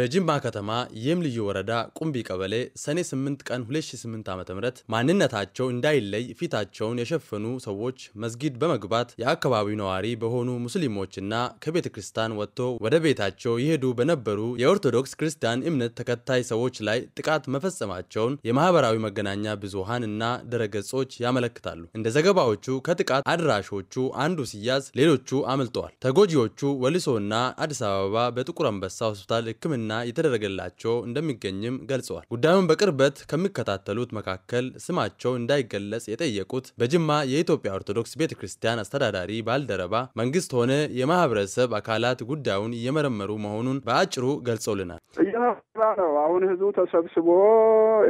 በጅማ ከተማ የም ልዩ ወረዳ ቁምቢ ቀበሌ ሰኔ 8 ቀን 2008 ዓ.ም ማንነታቸው እንዳይለይ ፊታቸውን የሸፈኑ ሰዎች መስጊድ በመግባት የአካባቢው ነዋሪ በሆኑ ሙስሊሞችና ከቤተ ክርስቲያን ወጥቶ ወደ ቤታቸው ይሄዱ በነበሩ የኦርቶዶክስ ክርስቲያን እምነት ተከታይ ሰዎች ላይ ጥቃት መፈጸማቸውን የማህበራዊ መገናኛ ብዙሃን እና ድረገጾች ያመለክታሉ። እንደ ዘገባዎቹ ከጥቃት አድራሾቹ አንዱ ሲያዝ፣ ሌሎቹ አምልጠዋል። ተጎጂዎቹ ወሊሶና አዲስ አበባ በጥቁር አንበሳ ሆስፒታል ህክምና ሕክምና እየተደረገላቸው እንደሚገኝም ገልጸዋል። ጉዳዩን በቅርበት ከሚከታተሉት መካከል ስማቸው እንዳይገለጽ የጠየቁት በጅማ የኢትዮጵያ ኦርቶዶክስ ቤተ ክርስቲያን አስተዳዳሪ ባልደረባ መንግስት ሆነ የማህበረሰብ አካላት ጉዳዩን እየመረመሩ መሆኑን በአጭሩ ገልጸውልናል። እየመራ ነው። አሁን ህዝቡ ተሰብስቦ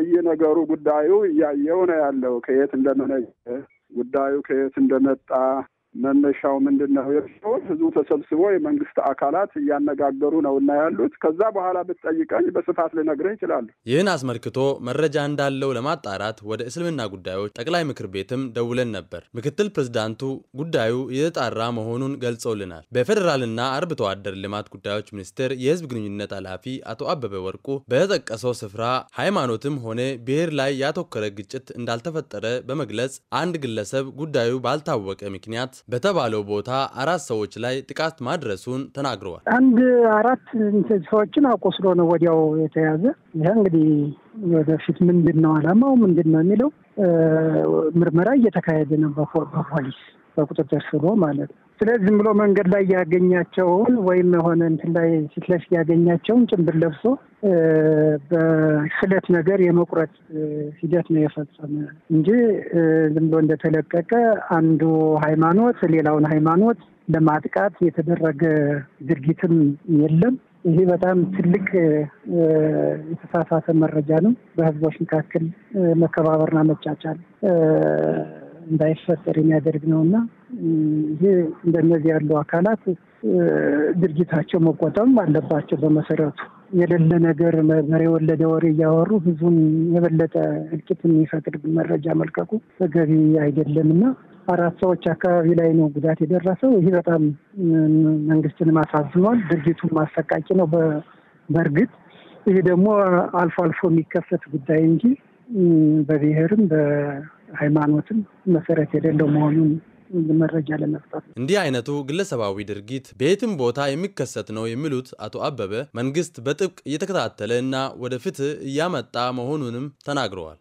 እየነገሩ ጉዳዩ እያየው ነው ያለው ከየት እንደመነ ጉዳዩ ከየት እንደመጣ መነሻው ምንድን ነው የሚለውን ህዝቡ ተሰብስቦ የመንግስት አካላት እያነጋገሩ ነው እና ያሉት ከዛ በኋላ ብትጠይቀኝ በስፋት ልነግርህ ይችላሉ። ይህን አስመልክቶ መረጃ እንዳለው ለማጣራት ወደ እስልምና ጉዳዮች ጠቅላይ ምክር ቤትም ደውለን ነበር። ምክትል ፕሬዚዳንቱ ጉዳዩ እየተጣራ መሆኑን ገልጸውልናል። በፌዴራልና አርብቶ አደር ልማት ጉዳዮች ሚኒስቴር የህዝብ ግንኙነት ኃላፊ አቶ አበበ ወርቁ በተጠቀሰው ስፍራ ሃይማኖትም ሆነ ብሔር ላይ ያተኮረ ግጭት እንዳልተፈጠረ በመግለጽ አንድ ግለሰብ ጉዳዩ ባልታወቀ ምክንያት በተባለው ቦታ አራት ሰዎች ላይ ጥቃት ማድረሱን ተናግረዋል። አንድ አራት ሰዎችን አቆስሎ ነው ወዲያው የተያዘ። ይህ እንግዲህ ወደፊት ምንድን ነው አላማው ምንድን ነው የሚለው ምርመራ እየተካሄደ ነው በፖሊስ በቁጥር ተሽሎ ማለት ነው። ስለዚህ ዝም ብሎ መንገድ ላይ ያገኛቸውን ወይም የሆነ እንትን ላይ ፊት ለፊት ያገኛቸውን ጭንብል ለብሶ በስለት ነገር የመቁረጥ ሂደት ነው የፈጸመ እንጂ ዝም ብሎ እንደተለቀቀ አንዱ ሃይማኖት ሌላውን ሃይማኖት ለማጥቃት የተደረገ ድርጊትም የለም። ይሄ በጣም ትልቅ የተሳሳተ መረጃ ነው። በህዝቦች መካከል መከባበርና መጫጫል እንዳይፈጠር የሚያደርግ ነው እና ይህ እንደነዚህ ያሉ አካላት ድርጊታቸው መቆጠብም አለባቸው። በመሰረቱ የሌለ ነገር መሪ ወለደ ወሬ እያወሩ ህዝቡን የበለጠ እልቂት የሚፈቅድ መረጃ መልቀቁ ተገቢ አይደለም እና አራት ሰዎች አካባቢ ላይ ነው ጉዳት የደረሰው። ይህ በጣም መንግስትንም አሳዝኗል። ድርጊቱም ማሰቃቂ ነው። በእርግጥ ይህ ደግሞ አልፎ አልፎ የሚከፈት ጉዳይ እንጂ በብሔርም ሃይማኖትን መሰረት የሌለው መሆኑን መረጃ ለመፍጠት እንዲህ አይነቱ ግለሰባዊ ድርጊት በየትም ቦታ የሚከሰት ነው የሚሉት አቶ አበበ መንግስት በጥብቅ እየተከታተለ እና ወደ ፍትህ እያመጣ መሆኑንም ተናግረዋል።